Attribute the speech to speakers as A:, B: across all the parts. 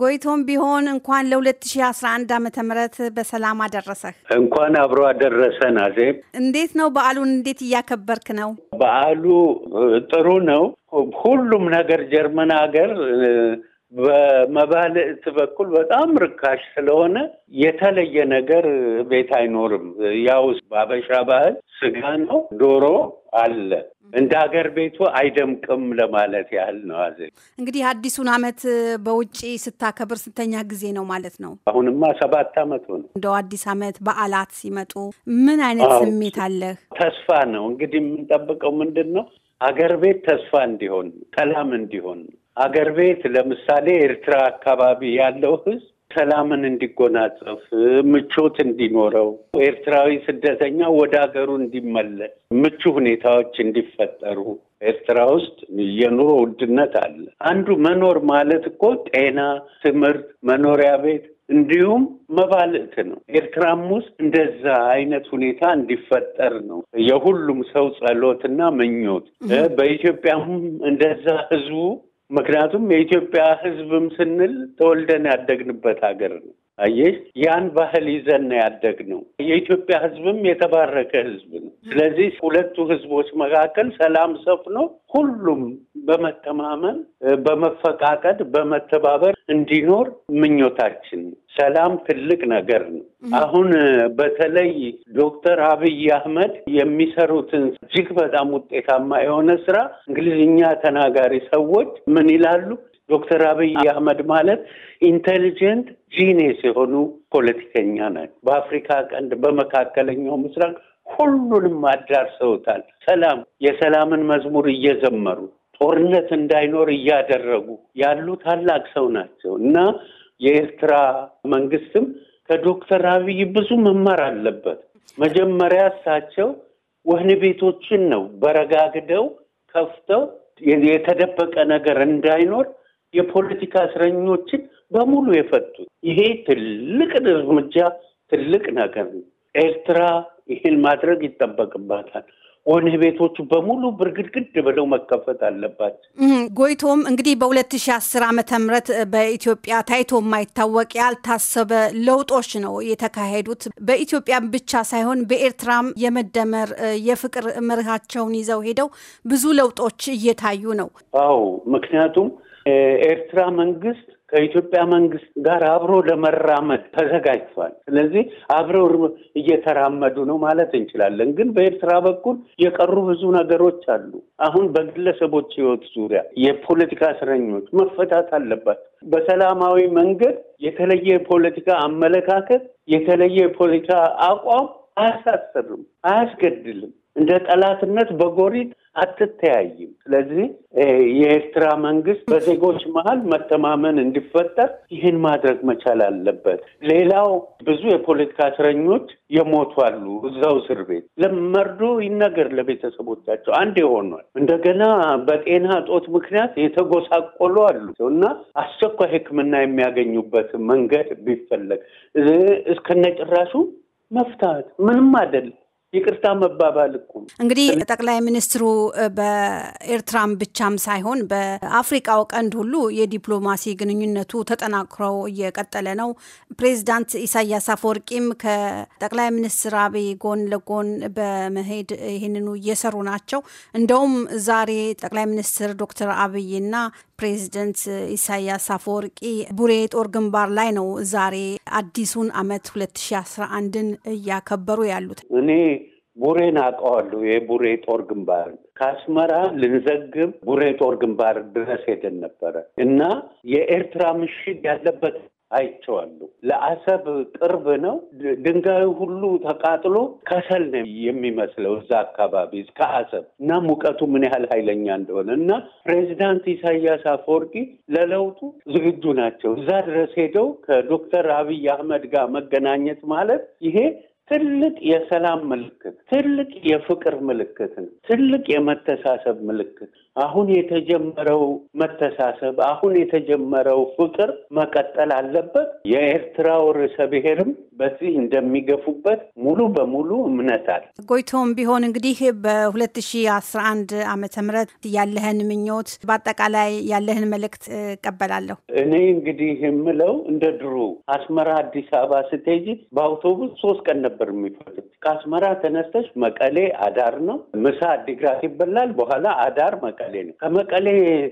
A: ጎይቶም ቢሆን እንኳን ለ2011 ዓ ም በሰላም አደረሰህ።
B: እንኳን አብሮ አደረሰን። አዜብ
A: እንዴት ነው በዓሉን እንዴት እያከበርክ ነው?
B: በዓሉ ጥሩ ነው። ሁሉም ነገር ጀርመን ሀገር በመባልዕት በኩል በጣም ርካሽ ስለሆነ የተለየ ነገር ቤት አይኖርም። ያው በአበሻ ባህል ስጋ ነው፣ ዶሮ አለ። እንደ ሀገር ቤቱ አይደምቅም ለማለት ያህል ነው። አዜ
A: እንግዲህ አዲሱን ዓመት በውጭ ስታከብር ስንተኛ ጊዜ ነው ማለት ነው?
B: አሁንማ ሰባት ዓመቱ ነው።
A: እንደው አዲስ ዓመት በዓላት ሲመጡ ምን አይነት ስሜት አለህ?
B: ተስፋ ነው እንግዲህ የምንጠብቀው ምንድን ነው ሀገር ቤት ተስፋ እንዲሆን ሰላም እንዲሆን አገር ቤት ለምሳሌ ኤርትራ አካባቢ ያለው ህዝብ ሰላምን እንዲጎናጸፍ ምቾት እንዲኖረው ኤርትራዊ ስደተኛ ወደ ሀገሩ እንዲመለስ ምቹ ሁኔታዎች እንዲፈጠሩ። ኤርትራ ውስጥ የኑሮ ውድነት አለ። አንዱ መኖር ማለት እኮ ጤና፣ ትምህርት፣ መኖሪያ ቤት እንዲሁም መባልት ነው። ኤርትራም ውስጥ እንደዛ አይነት ሁኔታ እንዲፈጠር ነው የሁሉም ሰው ጸሎትና ምኞት። በኢትዮጵያም እንደዛ ህዝቡ ምክንያቱም የኢትዮጵያ ሕዝብም ስንል ተወልደን ያደግንበት ሀገር ነው። አየሽ ያን ባህል ይዘን ያደግ ነው። የኢትዮጵያ ህዝብም የተባረከ ህዝብ ነው። ስለዚህ ሁለቱ ህዝቦች መካከል ሰላም ሰፍኖ ሁሉም በመተማመን በመፈቃቀድ በመተባበር እንዲኖር ምኞታችን። ሰላም ትልቅ ነገር ነው። አሁን በተለይ ዶክተር አብይ አህመድ የሚሰሩትን እጅግ በጣም ውጤታማ የሆነ ስራ እንግሊዝኛ ተናጋሪ ሰዎች ምን ይላሉ? ዶክተር አብይ አህመድ ማለት ኢንቴሊጀንት ጂኔስ የሆኑ ፖለቲከኛ ነን። በአፍሪካ ቀንድ በመካከለኛው ምስራቅ ሁሉንም አዳርሰውታል። ሰላም የሰላምን መዝሙር እየዘመሩ ጦርነት እንዳይኖር እያደረጉ ያሉ ታላቅ ሰው ናቸው እና የኤርትራ መንግስትም ከዶክተር አብይ ብዙ መማር አለበት። መጀመሪያ እሳቸው ወህኒ ቤቶችን ነው በረጋግደው ከፍተው የተደበቀ ነገር እንዳይኖር የፖለቲካ እስረኞችን በሙሉ የፈቱት። ይሄ ትልቅ እርምጃ፣ ትልቅ ነገር ነው። ኤርትራ ይህን ማድረግ ይጠበቅባታል። ወህኒ ቤቶቹ በሙሉ ብርግድግድ ብለው መከፈት አለባቸው።
A: ጎይቶም እንግዲህ በ2010 ዓመተ ምህረት በኢትዮጵያ ታይቶ የማይታወቅ ያልታሰበ ለውጦች ነው የተካሄዱት። በኢትዮጵያ ብቻ ሳይሆን በኤርትራም የመደመር የፍቅር መርሃቸውን ይዘው ሄደው ብዙ ለውጦች እየታዩ ነው።
B: አዎ ምክንያቱም ኤርትራ መንግስት ከኢትዮጵያ መንግስት ጋር አብሮ ለመራመድ ተዘጋጅቷል። ስለዚህ አብረው እየተራመዱ ነው ማለት እንችላለን። ግን በኤርትራ በኩል የቀሩ ብዙ ነገሮች አሉ። አሁን በግለሰቦች ህይወት ዙሪያ የፖለቲካ እስረኞች መፈታት አለባቸው። በሰላማዊ መንገድ የተለየ የፖለቲካ አመለካከት፣ የተለየ የፖለቲካ አቋም አያሳስርም፣ አያስገድልም። እንደ ጠላትነት በጎሪጥ አትተያይም። ስለዚህ የኤርትራ መንግስት በዜጎች መሀል መተማመን እንዲፈጠር ይህን ማድረግ መቻል አለበት። ሌላው ብዙ የፖለቲካ እስረኞች የሞቱ አሉ እዛው እስር ቤት ለመርዶ ይነገር ለቤተሰቦቻቸው አንድ የሆኗል። እንደገና በጤና እጦት ምክንያት የተጎሳቆሉ አሉ እና አስቸኳይ ሕክምና የሚያገኙበት መንገድ ቢፈለግ እስከነጭራሹ መፍታት ምንም አይደለም። ይቅርታ መባባል እኮ
A: እንግዲህ ጠቅላይ ሚኒስትሩ በኤርትራም ብቻም ሳይሆን በአፍሪቃው ቀንድ ሁሉ የዲፕሎማሲ ግንኙነቱ ተጠናክሮ እየቀጠለ ነው። ፕሬዚዳንት ኢሳያስ አፈወርቂም ከጠቅላይ ሚኒስትር አብይ ጎን ለጎን በመሄድ ይህንኑ እየሰሩ ናቸው። እንደውም ዛሬ ጠቅላይ ሚኒስትር ዶክተር አብይና ፕሬዚደንት ኢሳያስ አፈወርቂ ቡሬ ጦር ግንባር ላይ ነው ዛሬ አዲሱን አመት 2011ን እያከበሩ ያሉት
B: እኔ ቡሬን አውቀዋለሁ። የቡሬ ጦር ግንባርን ከአስመራ ልንዘግብ ቡሬ ጦር ግንባር ድረስ ሄደን ነበረ እና የኤርትራ ምሽግ ያለበት አይቼዋለሁ። ለአሰብ ቅርብ ነው። ድንጋዩ ሁሉ ተቃጥሎ ከሰል ነው የሚመስለው እዛ አካባቢ ከአሰብ አሰብ እና ሙቀቱ ምን ያህል ኃይለኛ እንደሆነ እና ፕሬዚዳንት ኢሳያስ አፈወርቂ ለለውጡ ዝግጁ ናቸው። እዛ ድረስ ሄደው ከዶክተር አብይ አህመድ ጋር መገናኘት ማለት ይሄ ትልቅ የሰላም ምልክት፣ ትልቅ የፍቅር ምልክት፣ ትልቅ የመተሳሰብ ምልክት። አሁን የተጀመረው መተሳሰብ፣ አሁን የተጀመረው ፍቅር መቀጠል አለበት። የኤርትራው ርዕሰ ብሔርም በዚህ እንደሚገፉበት ሙሉ በሙሉ እምነት አለ።
A: ጎይቶም ቢሆን እንግዲህ በ2011 ዓመተ ምህረት ያለህን ምኞት በአጠቃላይ ያለህን መልእክት እቀበላለሁ።
B: እኔ እንግዲህ የምለው እንደ ድሮ አስመራ አዲስ አበባ ስትሄጂ በአውቶቡስ ሶስት ቀን ነበር የሚፈጅ። ከአስመራ ተነስተሽ መቀሌ አዳር ነው፣ ምሳ አዲግራት ይበላል። በኋላ አዳር መቀሌ ነው። ከመቀሌ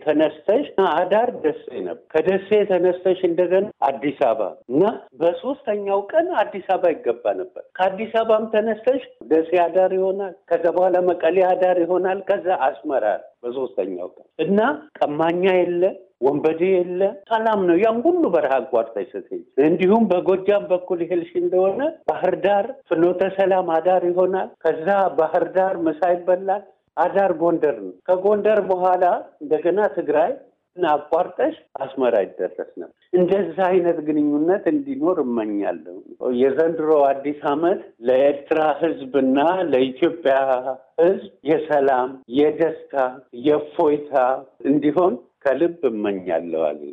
B: ተነስተሽ አዳር ደሴ ነበር። ከደሴ ተነስተሽ እንደገና አዲስ አበባ እና በሶስተኛው ቀን አዲስ አበባ ይገባ ነበር። ከአዲስ አበባም ተነስተሽ ደሴ አዳር ይሆናል። ከዛ በኋላ መቀሌ አዳር ይሆናል። ከዛ አስመራ በሶስተኛው ቀን እና ቀማኛ የለ ወንበዴ የለ፣ ሰላም ነው። ያን ሁሉ በረሃ አቋርጠሽ ስትሄጂ እንዲሁም በጎጃም በኩል ሄልሽ እንደሆነ ባህር ዳር ፍኖተ ሰላም አዳር ይሆናል። ከዛ ባህር ዳር ምሳ ይበላል። አዳር ጎንደር ነው። ከጎንደር በኋላ እንደገና ትግራይ እና አቋርጠሽ አስመራ ይደረስ ነበር። እንደዚህ አይነት ግንኙነት እንዲኖር እመኛለሁ። የዘንድሮ አዲስ ዓመት ለኤርትራ ሕዝብና ለኢትዮጵያ ሕዝብ የሰላም፣ የደስታ፣ የእፎይታ እንዲሆን ከልብ እመኛለሁ።